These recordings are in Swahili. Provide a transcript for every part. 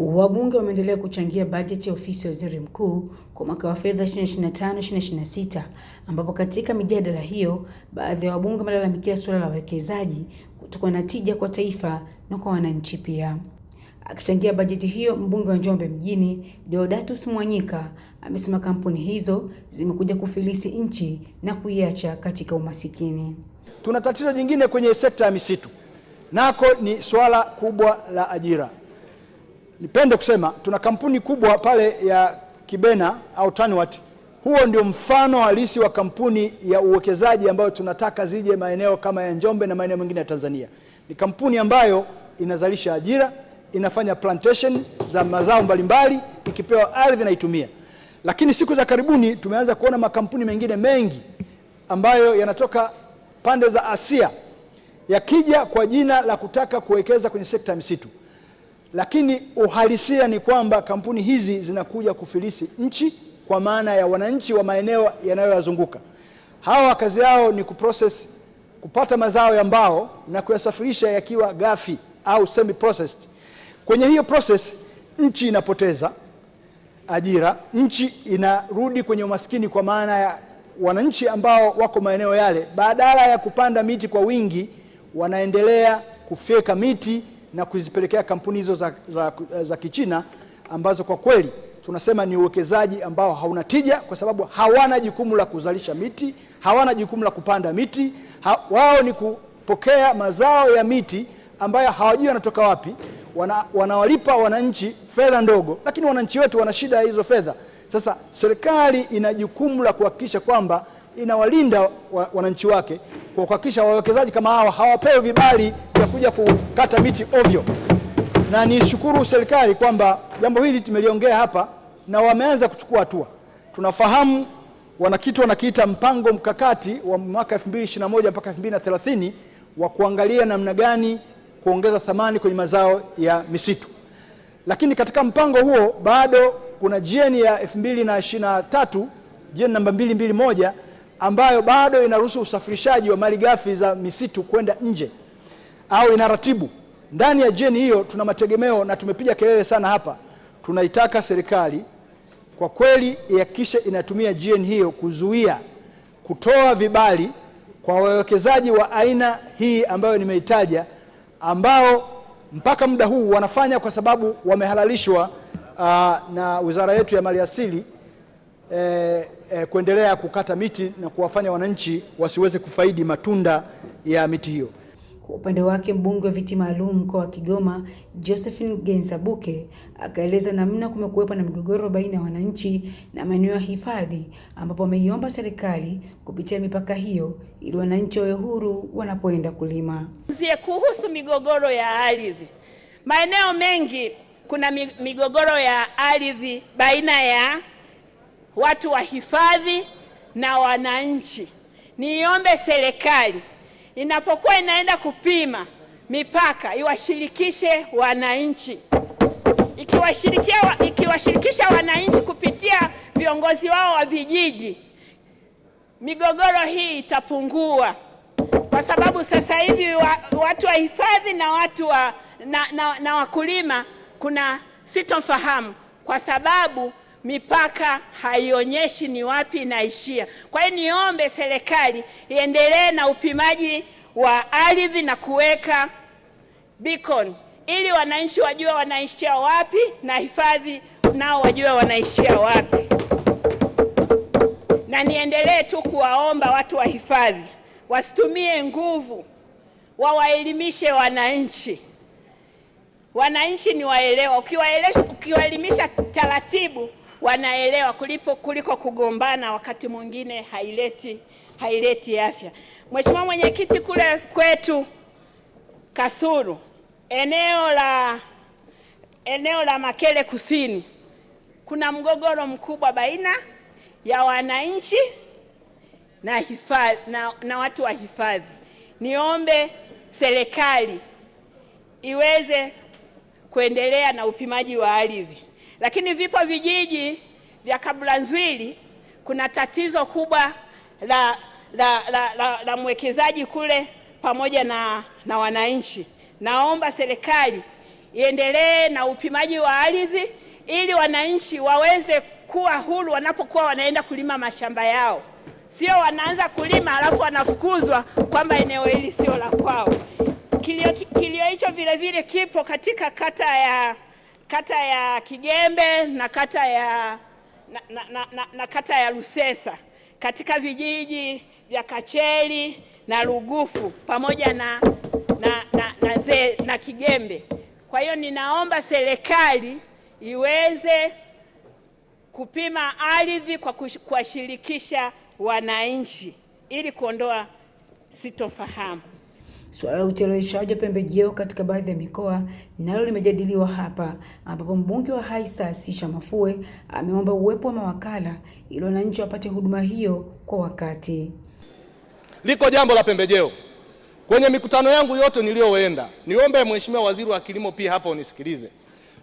Wabunge wameendelea kuchangia bajeti ya ofisi ya waziri mkuu kwa mwaka wa fedha 2025/2026 ambapo katika mijadala hiyo baadhi ya wabunge wamelalamikia suala la uwekezaji kutokuwa na tija kwa taifa na kwa wananchi pia. Akichangia bajeti hiyo, mbunge wa Njombe Mjini Deodatus Mwanyika amesema kampuni hizo zimekuja kufilisi nchi na kuiacha katika umasikini. Tuna tatizo jingine kwenye sekta ya misitu, nako ni swala kubwa la ajira nipende kusema tuna kampuni kubwa pale ya Kibena au Tanwat. Huo ndio mfano halisi wa kampuni ya uwekezaji ambayo tunataka zije maeneo kama ya Njombe na maeneo mengine ya Tanzania. Ni kampuni ambayo inazalisha ajira, inafanya plantation za mazao mbalimbali, ikipewa ardhi na itumia. Lakini siku za karibuni tumeanza kuona makampuni mengine mengi ambayo yanatoka pande za Asia yakija kwa jina la kutaka kuwekeza kwenye sekta ya misitu lakini uhalisia ni kwamba kampuni hizi zinakuja kufilisi nchi kwa maana ya wananchi wa maeneo yanayoyazunguka. Hawa kazi yao ni kuprocess, kupata mazao ya mbao na kuyasafirisha yakiwa ghafi au semi processed. Kwenye hiyo process nchi inapoteza ajira, nchi inarudi kwenye umaskini, kwa maana ya wananchi ambao wako maeneo yale, badala ya kupanda miti kwa wingi, wanaendelea kufyeka miti na kuzipelekea kampuni hizo za, za, za Kichina ambazo kwa kweli tunasema ni uwekezaji ambao hauna tija, kwa sababu hawana jukumu la kuzalisha miti, hawana jukumu la kupanda miti ha, wao ni kupokea mazao ya miti ambayo hawajui wanatoka wapi. Wana, wanawalipa wananchi fedha ndogo, lakini wananchi wetu wana shida ya hizo fedha. Sasa serikali ina jukumu la kuhakikisha kwamba inawalinda wa, wananchi wake kwa kuhakikisha wawekezaji kama hao hawapewi vibali vya kuja kukata miti ovyo. Na nishukuru serikali kwamba jambo hili tumeliongea hapa na wameanza kuchukua hatua. Tunafahamu kitu wanakiita mpango mkakati wa mwaka 2021 mpaka 2030 wa kuangalia namna gani kuongeza thamani kwenye mazao ya misitu, lakini katika mpango huo bado kuna GN ya 2023 GN namba 221 ambayo bado inaruhusu usafirishaji wa mali ghafi za misitu kwenda nje au inaratibu ndani ya jeni hiyo. Tuna mategemeo na tumepiga kelele sana hapa, tunaitaka serikali kwa kweli ihakikishe inatumia jeni hiyo kuzuia kutoa vibali kwa wawekezaji wa aina hii ambayo nimeitaja, ambao mpaka muda huu wanafanya kwa sababu wamehalalishwa uh, na wizara yetu ya maliasili e, e, kuendelea kukata miti na kuwafanya wananchi wasiweze kufaidi matunda ya miti hiyo. Kwa upande wake mbunge wa viti maalum mkoa wa Kigoma Josephine Gensabuke akaeleza namna kumekuwepo na migogoro baina ya wananchi na maeneo ya hifadhi, ambapo ameiomba serikali kupitia mipaka hiyo ili wananchi wawe huru wanapoenda kulima. Mzie kuhusu migogoro ya ardhi, maeneo mengi kuna migogoro ya ardhi baina ya watu wa hifadhi na wananchi. Niiombe serikali inapokuwa inaenda kupima mipaka iwashirikishe wananchi, ikiwashirikisha wananchi kupitia viongozi wao wa vijiji, migogoro hii itapungua, kwa sababu sasa hivi wa, watu wa hifadhi na watu wa, na, na, na wakulima kuna sitofahamu kwa sababu mipaka haionyeshi ni wapi inaishia. Kwa hiyo niombe serikali iendelee na upimaji wa ardhi na kuweka beacon ili wananchi wajue wanaishia wapi na hifadhi nao wajue wanaishia wapi. Na niendelee tu kuwaomba watu wa hifadhi wasitumie nguvu, wawaelimishe wananchi. Wananchi ni waelewa, ukiwaelimisha taratibu wanaelewa kulipo kuliko kugombana, wakati mwingine haileti haileti afya. Mheshimiwa Mwenyekiti, kule kwetu Kasulu eneo la eneo la Makele Kusini kuna mgogoro mkubwa baina ya wananchi na, hifadhi, na, na watu wa hifadhi. Niombe serikali iweze kuendelea na upimaji wa ardhi lakini vipo vijiji vya nzwili kuna tatizo kubwa la, la, la, la, la mwekezaji kule pamoja na, na wananchi. Naomba serikali iendelee na upimaji wa ardhi ili wananchi waweze kuwa huru wanapokuwa wanaenda kulima mashamba yao, sio wanaanza kulima alafu wanafukuzwa kwamba eneo hili sio la kwao. Kilio hicho vile vile kipo katika kata ya kata ya Kigembe na kata ya, na, na, na, na, na kata ya Lusesa katika vijiji vya Kacheli na Lugufu pamoja na, na, na, na, ze, na Kigembe. Kwa hiyo ninaomba serikali iweze kupima ardhi kwa kuwashirikisha wananchi ili kuondoa sitofahamu. Suala la ucheleweshaji wa pembejeo katika baadhi ya mikoa nalo limejadiliwa hapa, ambapo mbunge wa Haisa Sisha Mafue ameomba uwepo wa mawakala ili wananchi wapate huduma hiyo kwa wakati. Liko jambo la pembejeo kwenye mikutano yangu yote niliyoenda, niombe Mheshimiwa Waziri wa Kilimo pia hapa unisikilize.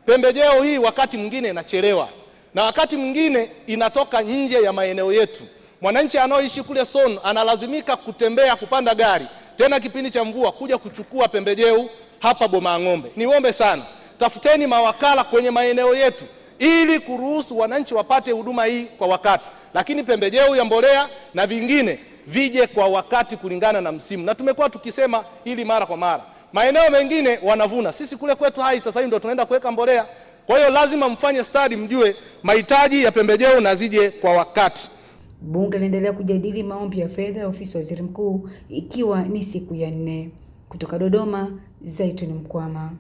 Pembejeo hii wakati mwingine inachelewa na wakati mwingine inatoka nje ya maeneo yetu. Mwananchi anaoishi kule Son analazimika kutembea kupanda gari tena kipindi cha mvua kuja kuchukua pembejeo hapa boma Ng'ombe. Niombe sana, tafuteni mawakala kwenye maeneo yetu ili kuruhusu wananchi wapate huduma hii kwa wakati, lakini pembejeo ya mbolea na vingine vije kwa wakati kulingana na msimu, na tumekuwa tukisema hili mara kwa mara. Maeneo mengine wanavuna, sisi kule kwetu hai sasa hivi ndo tunaenda kuweka mbolea. Kwa hiyo lazima mfanye stadi, mjue mahitaji ya pembejeo na zije kwa wakati. Bunge linaendelea kujadili maombi ya fedha ya ofisi ya waziri mkuu ikiwa ni siku ya nne. Kutoka Dodoma, Zaituni Mkwama.